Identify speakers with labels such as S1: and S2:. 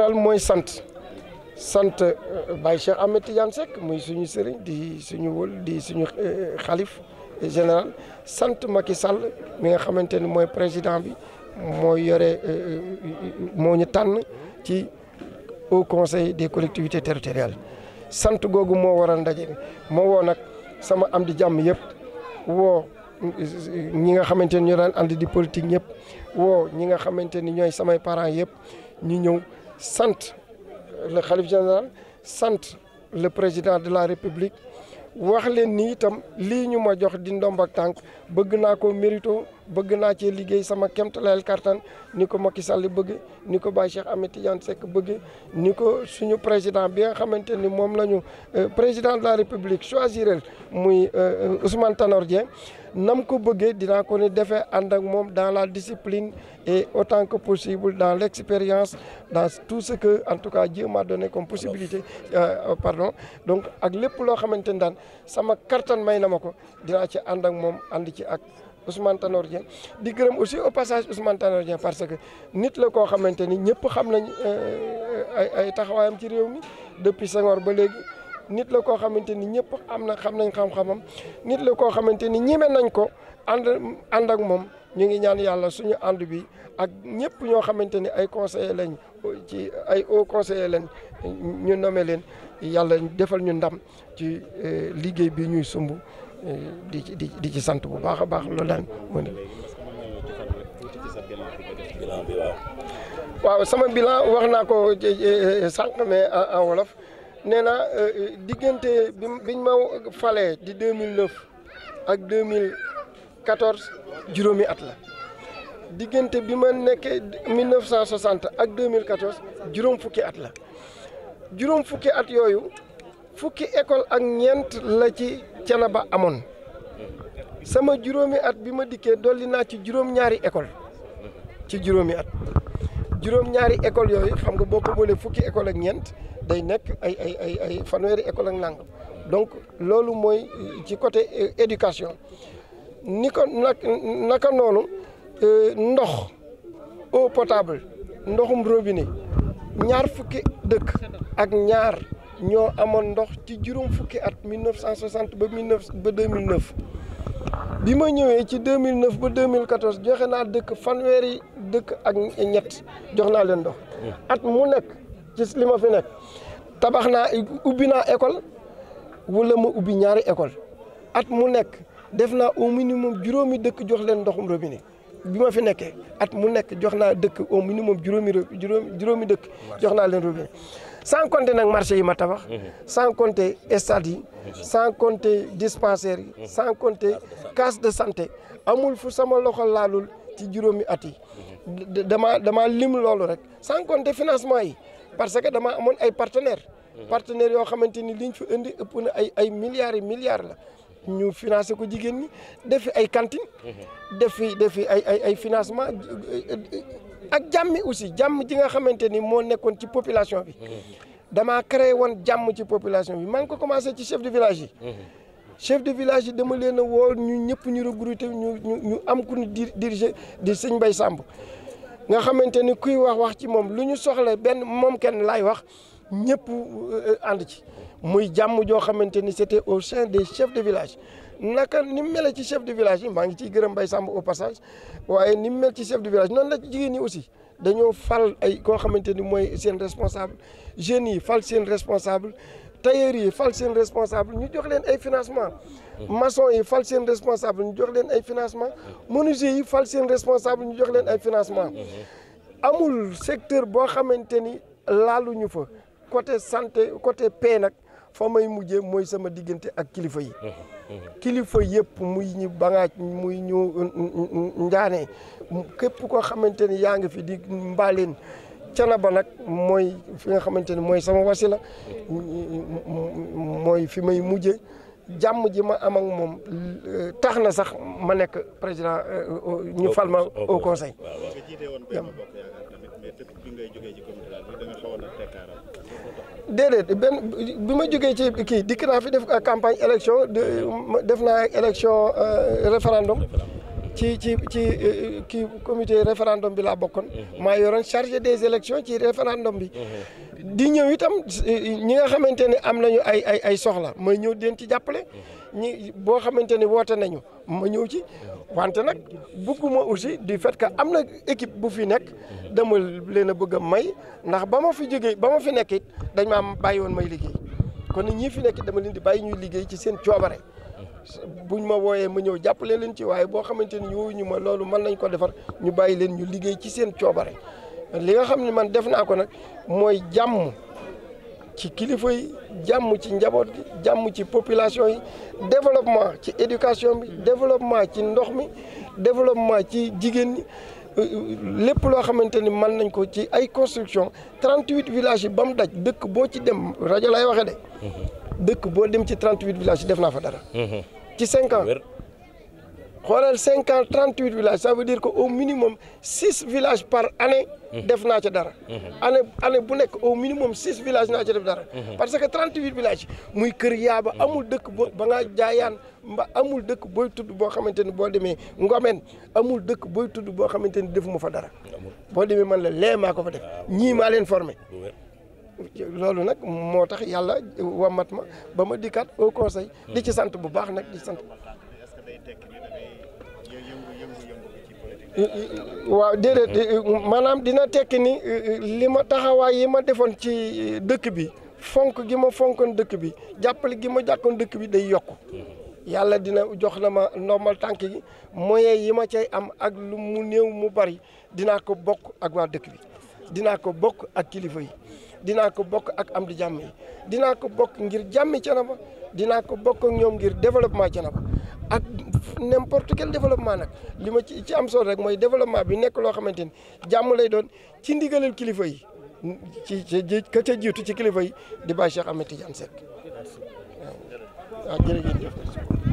S1: waral mooy sant sant euh, Baye Cheikh Ahmed Tidiane Seck muy suñu sëriñ di suñu wël di suñu euh, xalif général sant Macky Sall mi nga xamante ni mooy président bi mooy yore euh, moo ñu tànn ci au conseil des collectivités territoriale sant googu moo waral ndaje bi moo woo nag sama am di jàmm yëpp woo ñi nga xamante ni ñoo daan ànd di politique ñëpp woo ñi nga xamante ni ñooy samay parent yëpp ñu ñëw sant le xalif général sant le président de la république wax leen ni itam lii ñu ma jox di ndomb ak tànk bëgg naa ko mérito bëgg naa cee liggéey sama kemtalayal kartan ni ko Macky Sall bëgg ni ko Baye Cheikh Ahmed Tidiane bëgg ni ko suñu président bi nga xamante ni moom la ñu euh, président de la république choisirel muy euh, Ousmane Tanor Dieng nam ko bëggee dinaa ko ni defe ànd ak moom dans la discipline et autant que possible dans l'expérience dans tout ce que en tout cas Dieu m'a donné comme possibilité euh, pardon donc ak lépp loo xamante ni daan sama kartan may na ma ko dinaa ci ànd ak moom ànd ci ak Ousmane Tanor Dieng di gërëm aussi au passage Ousmane Tanor Dieng parce que nit la koo xamante ni ñëpp xam nañ euh, euh, ay ay taxawaayam ci réew mi depuis Senghor ba léegi nit la koo xamante ni ñëpp am na xam nañ xam-xamam nit la koo xamante ni ñime nañ ko ànd ànd ak moom ñu ngi ñaan yàlla suñu ànd bi ak ñëpp ñoo xamante ni ay conseillers lañ ci ay hauts conseillers ñu nommé leen yàlla defal ñu ndam ci euh, liggéey bi ñuy sumb di ci di ci sant bu baax a baax loolu daal moo nekk waaw sama bilan wax naa ko eh, eh, eh, sànq mais en wolof nee na diggante bi biñ ma falee di 2009 ak 2014 juróomi at la diggante bi ma nekkee 1960 ak 2014 juróom fukki at la juróom fukki at yooyu fukki école ak ñeent la ci. ba amoon sama juróomi at bi ma dikkee dolli naa ci juróom-ñaari école ci juróomi at juróom-ñaari école yooyu xam nga boo ko boolee fukki école ak ñeent day nekk ay ay ay ay fanweeri école ak nangam donc loolu mooy ci côté euh, éducation ni ko naka noonu euh, ndox eau potable ndoxum robinet ñaar fukki dëkk ak ñaar ñoo amoon ndox ci juróom fukki at 1960 ba 19 ba 2009 bi ma ñëwee ci 2009 ba 2014 joxe naa dëkk fanweeri dëkk ak ñett jox naa leen ndox. at mu nekk ci li ma fi nekk tabax naa ubbi naa école wala ma ubbi ñaari école at mu nekk def naa au minimum juróomi dëkk jox leen ndoxum robinet. bi ma fi nekkee at mu nekk jox naa dëkk au minimum juróomi juróomi dëkk jox naa leen robinet sans compter nag marché yi ma tabax. Mhm. sans compter stade yi. Mhm. sans compter dispensaire yi. Mhm. sans de santé amul fu sama loxo laalul ci juróomi at yi. dama dama lim loolu rek sans compter financement yi parce que dama amoon ay partenaires. partenaires yoo xamante ni liñ fi indi ëpp na ay ay milliards yi la. ñu financé ko jigéen ñi def ay cantine def fi def ay ay ay financement ak jàmmi aussi jàmm ji nga xamante ni moo nekkoon ci population bi damaa créé wan jàmm ci population bi maa ngi ko commencé ci chef de village yi chef de village yi dama leen a woo ñu ñëpp ñu regroupé ñu ñu am ku ñu diriger di sëñ Mbaye Samb nga xamante ni kuy wax wax ci moom lu ñu soxla benn moom kenn laay wax ñëpp euh, ànd ci muy jàmm joo xamante ni c'était au sein des chefs de village naka ni mu mel ci chef de village yi maa ngi ciy gërëm Mbaye Samb au passage waaye ni mu mel ci chef de village noonu la jigéen ñi aussi dañoo fal ay koo xamante ni mooy seen responsable jeunes yi fal seen responsable tailleur yi fal seen responsable ñu jox leen ay financement maçon yi fal seen responsable ñu jox leen ay financement menuisier yi fal seen responsable ñu jox ay financement amul secteur boo xamante ni laaluñu fa côté santé côté paix nag fa may mujje mooy sama diggante ak kilifa yi. kilifa yëpp muy ñu bangaaj muy ñu euh, euh, njaane képp koo xamante ni yaa ngi fi di mbaaleen canaba nag mooy fi nga xamante ni mooy sama wasila mooy fi may mujje jàmm ji ma am moom euh, tax na sax ma nekk président ñu fal ma conseil. déedéet benn bi ma jógee ci kii dikk naa fi def campagne élection def naa élection euh, référendum ci ci ci euh, euh, kii comité référendum bi la bokkoon. Mhm. maa yoroon chargé des élections ci référendum bi. Mhm. di ñëw itam ñi nga xamante ne am nañu ay ay ay soxla ma ñëw di leen ci jàppale. Mhm. boo xamante ne woote nañu ma ñëw ci. wante nag bëgguma aussi du fait que am na équipe bu fi nekk dama leen a bëgg a may ndax ba ma fi jógee ba ma fi nekk it dañ bàyyi woon may liggéey kon nit ñi fi nekk dama leen di bàyyi ñuy liggéey ci seen coobare. buñ ma wooyee ma ñëw jàppale leen ci waaye boo xamante ni ñu ma loolu mën nañ ko defar ñu bàyyi leen ñu liggéey ci seen coobare li nga xam ne man def naa ko nag mooy jàmm ci kilifa yi jàmm ci njaboot gi jàmm ci population yi développement ci éducation bi développement ci ndox mi développement ci jigéen ñi euh, euh, lépp loo xamante ni mën nañ ko ci ay construction 38 villages yi ba mu daj dëkk boo ci dem rajo lay waxe de mm-hmm. dëkk boo dem ci 38 villages def naa fa dara. Mhm. ci 5 ans xoolal 5 ans 38 villages ça veut dire que au minimum 6 village par année. Mhm. def naa ca dara. Mhm. année année bu nekk au minimum 6 village naa ca def dara. parce que 38 villages muy kër yaaba amul dëkk boo ba ngaa jaayaan mba amul dëkk booy tudd boo xamante ni boo demee Ngomen amul dëkk booy tudd boo xamante ni defuma fa dara. boo demee man la lee maa ko fa def ñii maa leen formé. loolu nag moo tax yàlla wamat ma ba ma dikkaat au conseil di ci sant bu baax nag di sant waaw déedéet maanaam dina tekki ni li ma taxawaay yi ma defoon ci dëkk bi fonk gi ma fonkoon dëkk bi jàppale gi ma jàkkoon dëkk bi day yokk yàlla dina jox na ma normal tànk gi moyen yi ma cay am ak lu mu néew mu bari dinaa ko bokk ak waa dëkk bi dinaa ko bokk ak kilifa yi dinaa ko bokk ak am di jàmm yi dinaa ko bokk ngir jàmmi Thiénaba dinaa ko bokk ak ñoom ngir développement Thiénaba ak n'importe quel développement nag li ma ci ci am solo rek mooy développement bi nekk loo xamante ni jàmm lay doon ci ndigalal kilifa yi ci ci ka ca jiitu ci kilifa yi di bàyyi Cheikh Ahmed Tidiane Seck waaw